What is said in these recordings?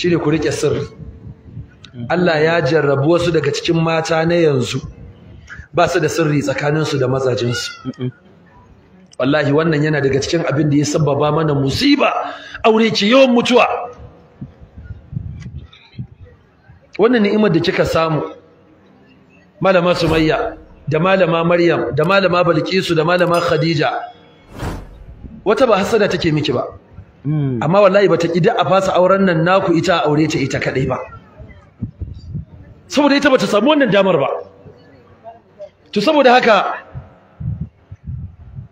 shine ku rike sirri Allah ya jarrabu wasu daga cikin mata na yanzu ba su da sirri tsakanin su da mazajensu wallahi wannan yana daga cikin abin da ya sabbaba mana musiba aure ce yawan mutuwa wannan ni'imar da kika samu malama sumayya da malama maryam da malama balkisu da malama khadija wata ba hasada take miki ba Hmm. amma wallahi bata kida a fasa auren nan naku ita aure ta ita kadai ba saboda ita bata samu wannan damar ba to saboda haka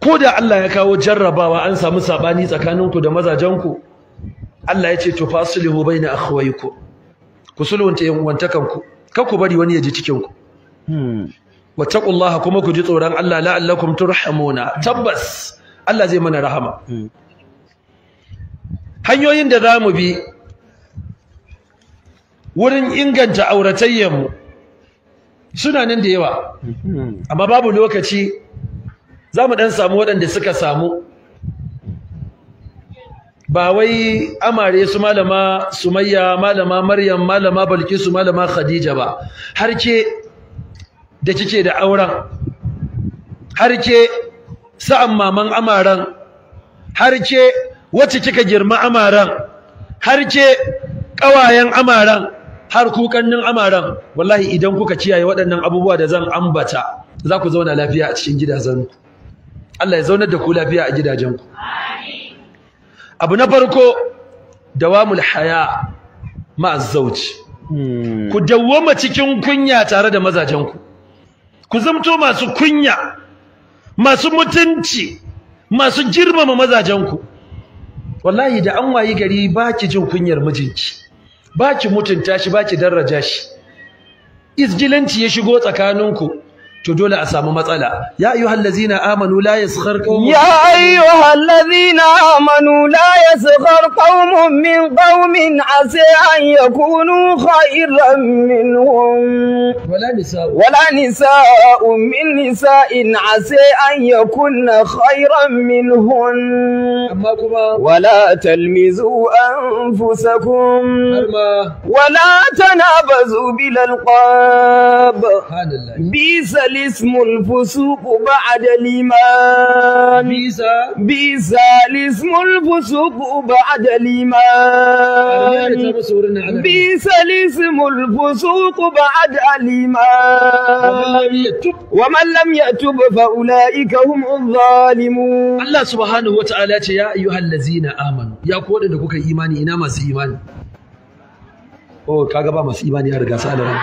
ko da Allah ya kawo jarrabawa an samu sabani tsakaninku da mazajenku Allah ya ce to bai baina akhwayku ku sulhunta yan uwantakanku kar ku bari wani ya ji cikin ku hmm. wattaqullaha kuma ku ji tsoron Allah la'allakum turhamuna tabbas Allah zai mana rahama hmm. hanyoyin da za mu bi wurin inganta auratayyanmu suna nan da yawa amma babu lokaci za mu ɗan samu waɗanda suka samu ba wai amare su malama sumayya malama maryam malama balkisu malama khadija ba har ke da kike da auren har ke sa'an maman amaren har ke wacce kika girma amaran har ke ƙawayen amaran har kukannin amaran wallahi idan kuka ciyaye waɗannan abubuwa da zan ambata za ku zauna lafiya a cikin gidajenku Allah ya zaunar da ku lafiya a gidajenku abu na farko dawamul haya ma'az zawji hmm. ku dawwama cikin kunya tare da mazajenku ku zamto masu kunya masu mutunci masu girmama mazajenku wallahi da an wayi gari ba ki jin kunyar mijinki ba ki mutunta shi ba ki daraja shi izgilanci ya shigo tsakaninku تجول أسام مطلع يا أيها الذين آمنوا لا يسخر قوم يا أيها الذين آمنوا لا يسخر قوم من قوم عسى أن يكونوا خيرا منهم ولا نساء ولا نساء من نساء عسى أن يكون خيرا منهن ولا تلمزوا أنفسكم ولا تنابزوا بلا القاب بيس الإثم الفسوق بعد الإيمان بيس الإثم الفسوق بعد الإيمان بيس الإثم الفسوق بعد الإيمان ومن لم يتب فأولئك هم الظالمون الله سبحانه وتعالى يا أيها الذين آمنوا يا كوانا دكوك إيماني إنا ما إيماني oh kaga ba masu imani ya riga su alaran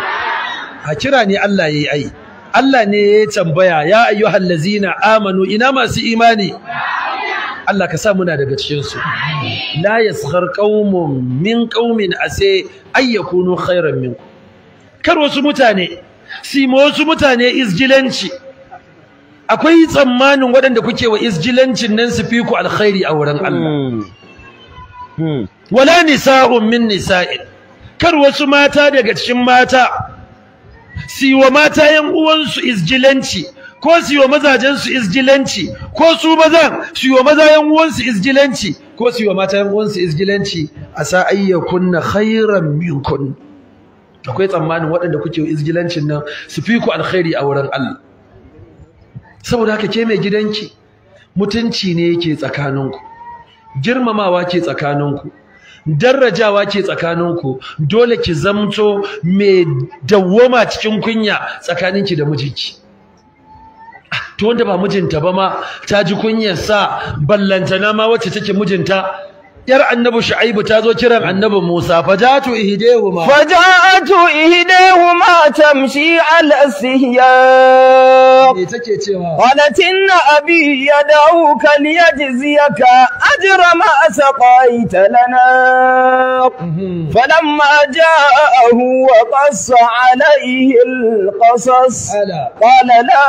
a kira ne Allah ya yi ai Allah ne ya tambaya ya ayyuhal ladzina amanu ina masu imani Allah ka sa muna daga cikin su la yaskhar qaumun min qaumin ase ayyakunu khairan minkum kar wasu mutane si wasu mutane isjilanci akwai tsammanin waɗanda kuke wa isjilancin nan su fi ku alkhairi a wurin Allah hmm. Hmm. wala nisa'un min nisa'in kar wasu mata daga cikin mata su wa mata yan uwansu izjilanci ko su wa wa mazajensu izjilanci ko su mazan su wa maza yan uwansu izjilanci ko su wa mata yan uwansu izjilanci a ayyakunna khairan minkun akwai tsammanin waɗanda kuke izgilancin nan su fi ku alkhairi a wurin Allah saboda haka ke mai gidanki mutunci ne yake tsakaninku girmamawa ke tsakaninku darrajawa ce tsakaninku dole ki zamto mai dawwama cikin kunya tsakanin ki da mijinki ah, to wanda ba mijinta ba ma ta ji kunyar sa ballantana ma wacce take mijinta yar annabi shu'aibu ta zo kiran annabi musa fajatu ihdehuma fajatu ihdehuma tamshi ala sihya me take cewa qalat inna abi yad'uka liyajziyaka ajra ma asqaita lana mhm. falamma ja'ahu wa qassa alayhi alqasas qala la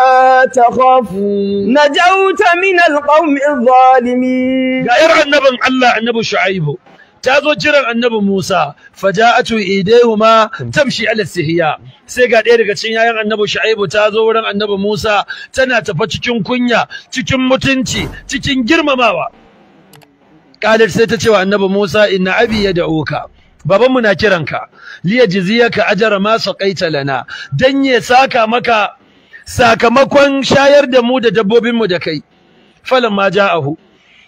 takhaf mhm. najawta min alqawmi adh-dhalimin ga yar annabin allah annabi shu'aibu ta zo jiran annabi Musa faja'atu idaihuma tamshi ala sihiya sai ga ɗaya daga cikin yayan annabi Shu'aibu ta zo wurin annabi Musa tana tafa cikin kunya cikin mutunci cikin girmamawa qalat sai ta ce wa annabi Musa inna abi yad'uka baban mu na kiranka liyajziyaka ajra ma saqaita lana dan ya saka maka sakamakon shayar da mu da dabbobin mu da kai falamma ja'ahu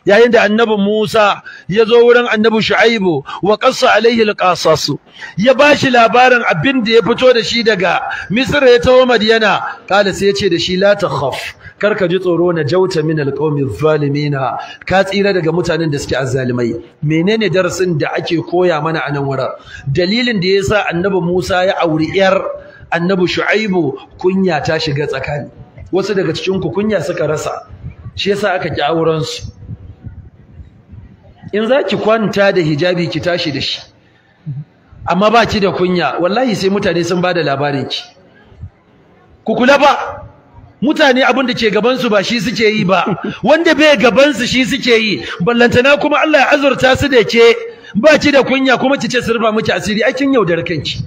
yayin da annabi Musa ya zo wurin annabi Shu'aibu wa qassa alaihi alqasas ya bashi labarin abin da ya fito da shi daga Misr ya taho Madiyana kala sai ya ce da shi la takhaf kar ka ji tsoro na jauta min alqawmi zalimina ka tsira daga mutanen da suke azzalimai menene darasin da ake koya mana a nan wurin dalilin da yasa annabi Musa ya auri yar annabi Shu'aibu kunya ta shiga tsakani wasu daga cikin ku kunya suka rasa shi yasa aka ki auren su in za ki kwanta da hijabi ki tashi da shi amma ba ki da kunya wallahi sai mutane sun ba da labarin ki ku kula ba mutane abin da ke gabansu ba shi suke yi ba wanda bai gabansu shi suke yi ballantana kuma Allah ya azurta su da ke ba ki da kunya kuma ki ce surfa miki asiri a kin yaudar kanki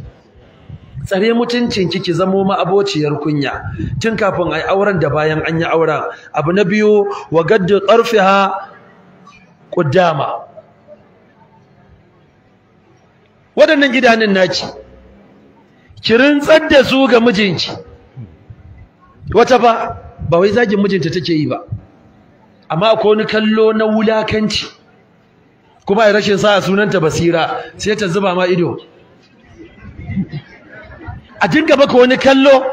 tsare mutuncin ki ki zamo ma'abociyar kunya tun kafin ai auren da bayan an yi auren abu na biyu wa gaddu qarfiha Kudama, waɗannan idanun naci ki rintsar da su ga mijinki wata ba ba wai zagin mijinta take yi ba amma akwai wani kallo na wulakanci kuma ya rashin sa sunanta basira sai ta zuba ma ido a dinga baka wani kallo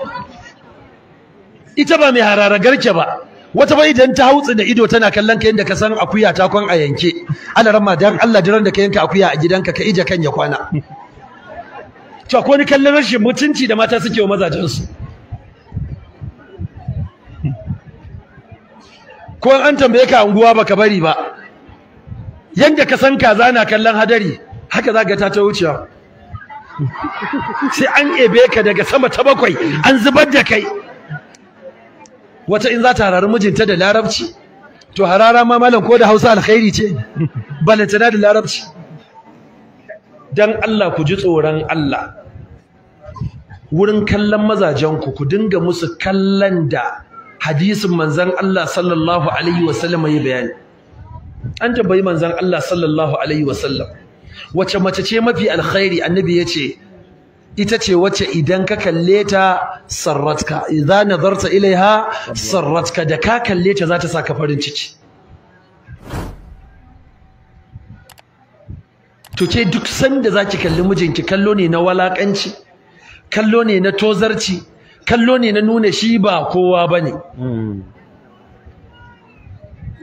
ita ba mai garke ba wata bai idan ta hautsu da ido tana kallon ka yadda ka san akuya ta kwan a yanke ana rama dan Allah diran da ka yanka akuya a gidanka ka ije kan ya kwana to akwai wani kallon rashin mutunci da mata suke wa su. ko an tambaye ka anguwa baka bari ba yanda ka san kaza na kallon hadari haka za ta ta wucewa sai an ebe ka daga sama ta bakwai an zubar da kai wata in za ta harari mijinta da larabci to harara ma malam ko da hausa alkhairi ce balantana da larabci dan Allah ku ji tsoron Allah wurin kallon mazajenku ku dinga musu kallon da hadisin manzan Allah sallallahu alaihi sallam ya bayani an tambayi manzan Allah sallallahu alaihi sallam. wace mace ce mafi alkhairi annabi ya ce ita ce wacce idan ka kalle ta sarratka idza nazarta ilaiha sarratka da ka kalle ta za ta saka farin ciki to ke duk sanda zaki kalli mijinki kallo ne na walakanci kallo ne na tozarci kallo ne na nuna shi ba kowa bane hmm.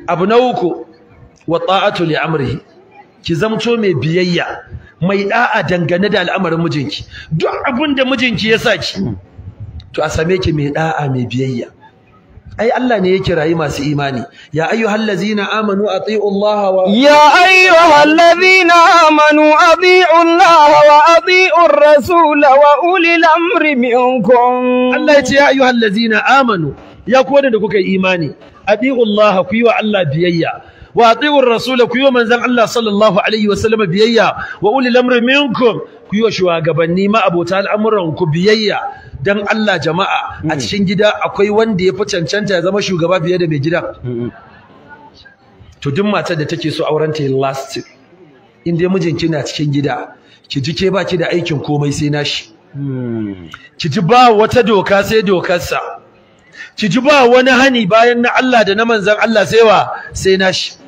abu na uku wa ta'atu li amrihi ki zamto mai biyayya mai da'a dangane da al'amarin mijinki duk abin da mijinki ya saki to a same ki mai da'a mai biyayya ai Allah ne ya kirayi masu imani ya ayyuhal ladzina amanu ati'u Allah wa ya ayyuhal amanu ati'u Allah wa ati'u ar-rasul wa ulil amri minkum Allah yace ya ayyuhal ladzina amanu ya ku da kuka yi imani ati'u Allah ku yi wa Allah biyayya wa atiur rasula ku yi Manzan Allah sallallahu alaihi wasallam biyayya wa ulil amri minkum ku yi shugabanni ma abota al'amuran ku biyayya dan Allah jama'a a hmm. cikin gida akwai wanda ya fi cancanta ya zama shugaba fiye da mai gidan hmm. to duk matar da take so auren ta last in dai mijinki na cikin gida ki ji ke baki da aikin komai sai nashi hmm. ki ji ba wata doka sai dokarsa ki ji ba wani hani bayan na Allah da na Manzan Allah sai wa sai nashi